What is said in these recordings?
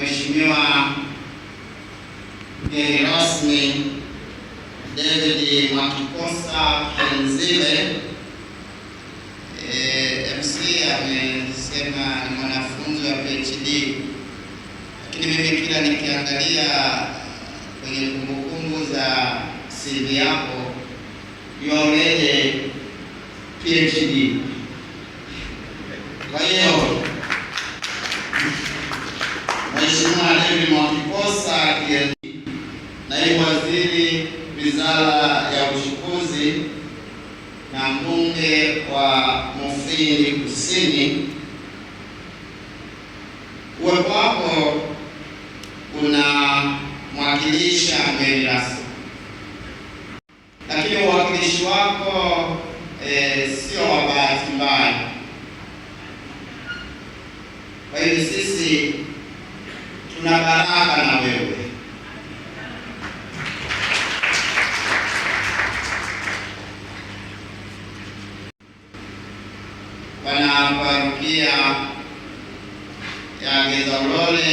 Mheshimiwa mgeni rasmi David Mwakikosa Kenzile e, eh, MC amesema ni mwanafunzi wa PhD, lakini mimi kila nikiangalia kwenye kumbukumbu za CV yako yaoleje PhD, kwa hiyo Mheshimiwa David Mwakiposa naibu waziri wizara ya uchukuzi na mbunge wa Mufindi Kusini, uwepo wako unamwakilisha mgeni rasmi, lakini uwakilishi wako e, sio wa bahati mbaya tuna baraka na wewe. Bwana parokia ya Gezaulole,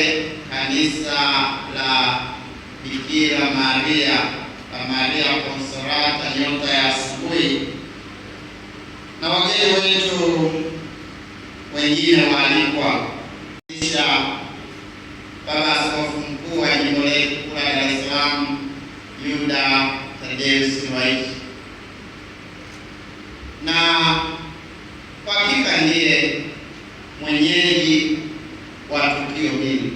kanisa la Bikira Maria la Maria Konsolata, nyota ya asubuhi, na wageni wetu wengine waalikwa kisha Baba Askofu Mkuu wa jimbo letu kuu Dar es Salaam Yuda Thaddeus Ruwa'ichi, na kwa hakika ndiye mwenyeji wa tukio hili.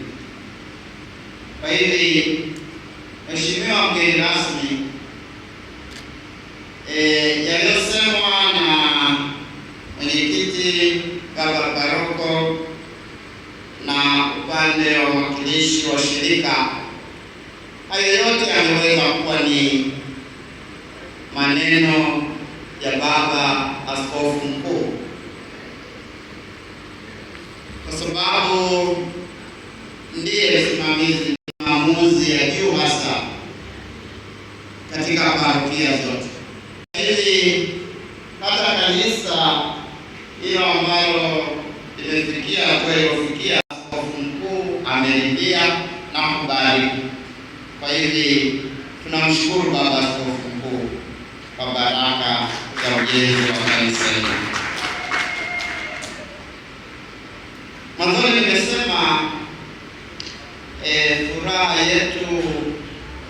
Kwa hivi, Mheshimiwa mgeni rasmi, e, yaliyosemwa na mwenyekiti Baba Paroko upande wa mwakilishi wa shirika, hayo yote yanaweza kuwa ni maneno ya Baba Askofu Mkuu, kwa sababu ndiye msimamizi maamuzi ya juu hasa katika parokia zote hivi, hata kanisa hiyo ambayo imefikia kwa na kubariki. Kwa hivi tunamshukuru Baba Askofu Mkuu kwa baraka za ujenzi wa kanisa hili. Mwanzoni nimesema eh, furaha yetu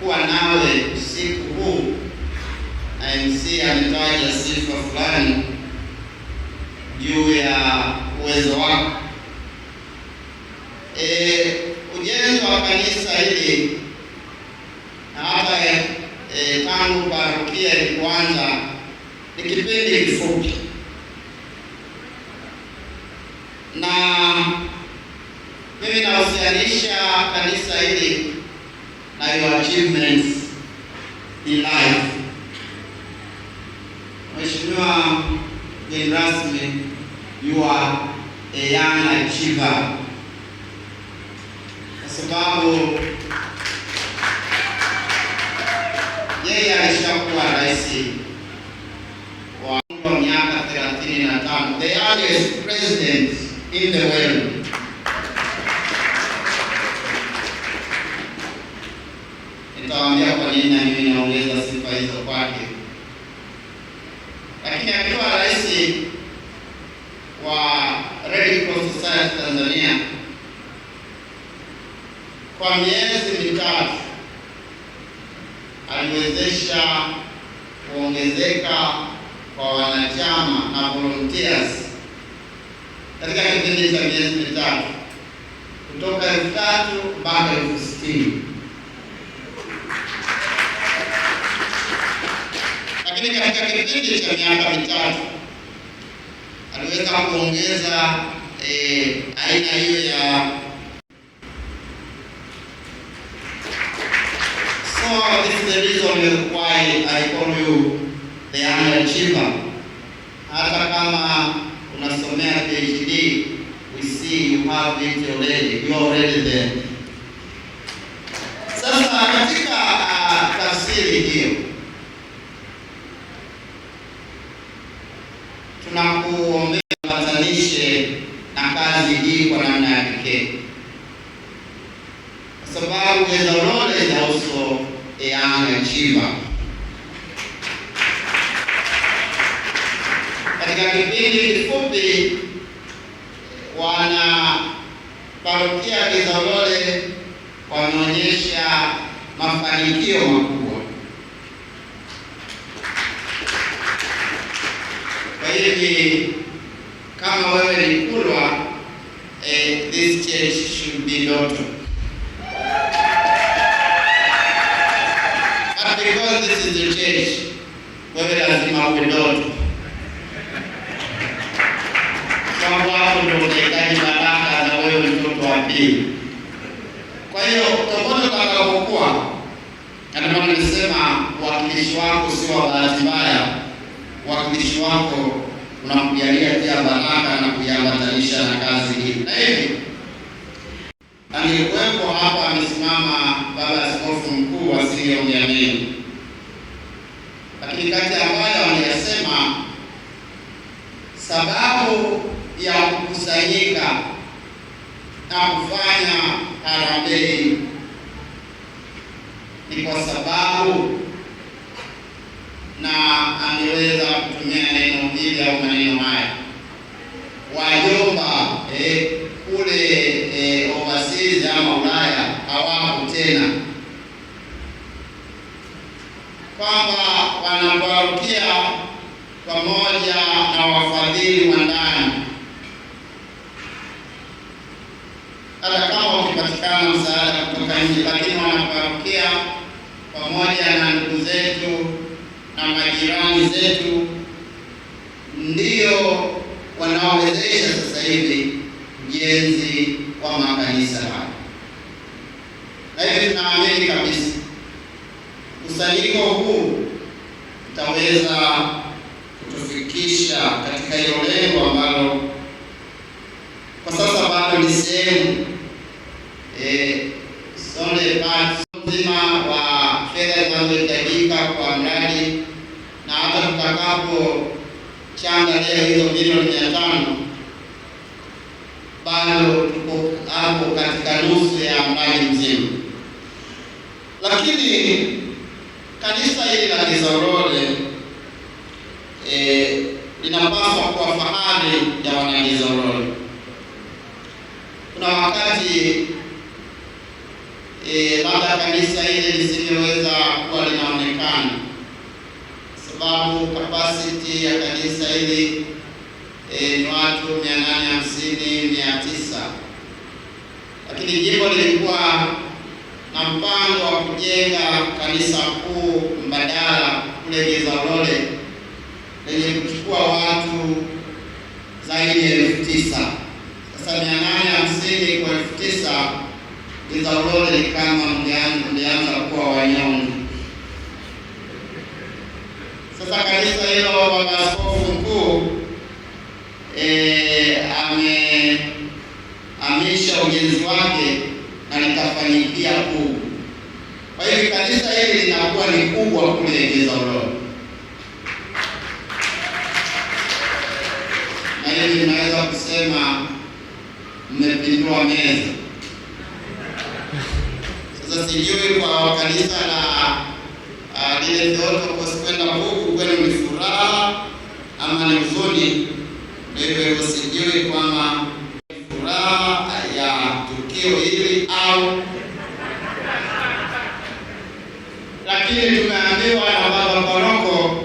kuwa nawe usiku huu, na MC ametaja sifa fulani juu ya uwezo wako eh, ujenzi wa kanisa hili na hata e, tangu parokia ilipoanza ni kipindi kifupi, na mimi nahusianisha kanisa hili na your achievements in life. Mheshimiwa mgeni rasmi, you are a young achiever sababu yeye alishakuwa rais wa miaka 35, the youngest president in the world. Nitawaambia kwa nini na mimi naongeza sifa hizo kwake, lakini akiwa rais wa kwa miezi mitatu aliwezesha kuongezeka kwa wanachama na volunteers katika kipindi cha miezi mitatu kutoka elfu tatu mpaka elfu sitini lakini katika kipindi cha miaka mitatu aliweza kuongeza eh, aina hiyo ya ujiunganishe na kazi hii kwa namna ya pekee, kwa sababu there's a role is also a young achiever. Katika kipindi kifupi wana parokia Kizolole wameonyesha mafanikio makubwa. Kwa hivi because this is the church, wewe lazima uwe ndoto sababu hapo ndio unahitaji baraka na wewe mtoto wa pili. Kwa hiyo tokoto utakapokuwa, ndio nasema uwakilishi wako si wa bahati mbaya, uwakilishi wako unakujalia pia baraka na kuiambatanisha na kazi hii na hivi Angekuwepo hapa amesimama baba askofu mkuu wa Sio Mnyamini, lakini kati ambayo ameyasema sababu ya kukusanyika na kufanya harambee ni kwa sababu, na ameweza kutumia neno hili au maneno haya wajomba, eh, kule eh, Uingereza ama Ulaya hawapo tena, kwamba wanabarukia pamoja na wafadhili wa ndani. Hata kama wakipatikana msaada kutoka nje, lakini wanabarukia pamoja na ndugu zetu na majirani zetu, ndiyo wanaowezesha sasa hivi ujenzi wa makanisa haya, na hivi tunaamini kabisa mkusanyiko huu utaweza kutufikisha katika hilo lengo ambalo kwa sasa bado ni sehemu eh, mzima wa fedha zinazohitajika kwa mradi na hata tutakapo changa leo hizo milioni mia tano bado hapo katika nusu ya mradi mzima, lakini kanisa hili la Kizolole e, linapaswa kuwa fahari ya Wanakizolole. Kuna wakati e, labda kanisa hili lisingeweza kuwa linaonekana, sababu kapasiti ya kanisa hili e, ni watu mia nane hamsini mia tisa lakini jimbo lilikuwa na mpango wa kujenga kanisa kuu mbadala kule Gezalole lenye kuchukua watu zaidi ya elfu tisa. Sasa mia nane hamsini kwa elfu tisa Gezaulole ni kama mlianza kuwa wanyonge. Sasa kanisa hilo, baba askofu mkuu eh, ujenzi wake na kuu. Kwa hiyo kanisa hili linakuwa ni kubwa kule ulo na hivi naweza kusema mmepindua meza. Sasa sijui kwa kanisa la lile Theotokos kwenda huku kwenu ni furaha ama ni huzuni, ndivyo hivyo, sijui kwama furaha wao, lakini tumeambiwa na baba paroko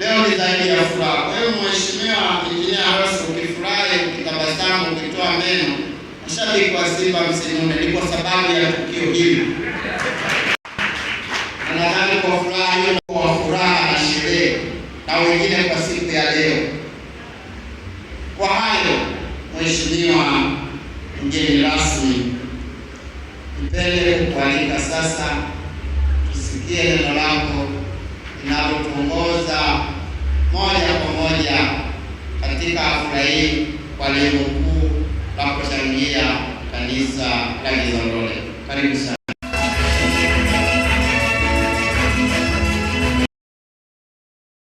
leo ni zaidi ya furaha. Kwa hiyo mheshimiwa injinia Harusi, ukifurahi, ukitabasamu, ukitoa meno, mshabiki wa Simba msinune, ni kwa sababu ya tukio hili. tusikie neno lako linalotuongoza moja kwa moja katika hafla hii kwa lengo kuu la kuchangia kanisa la Kizondole. Karibu sana.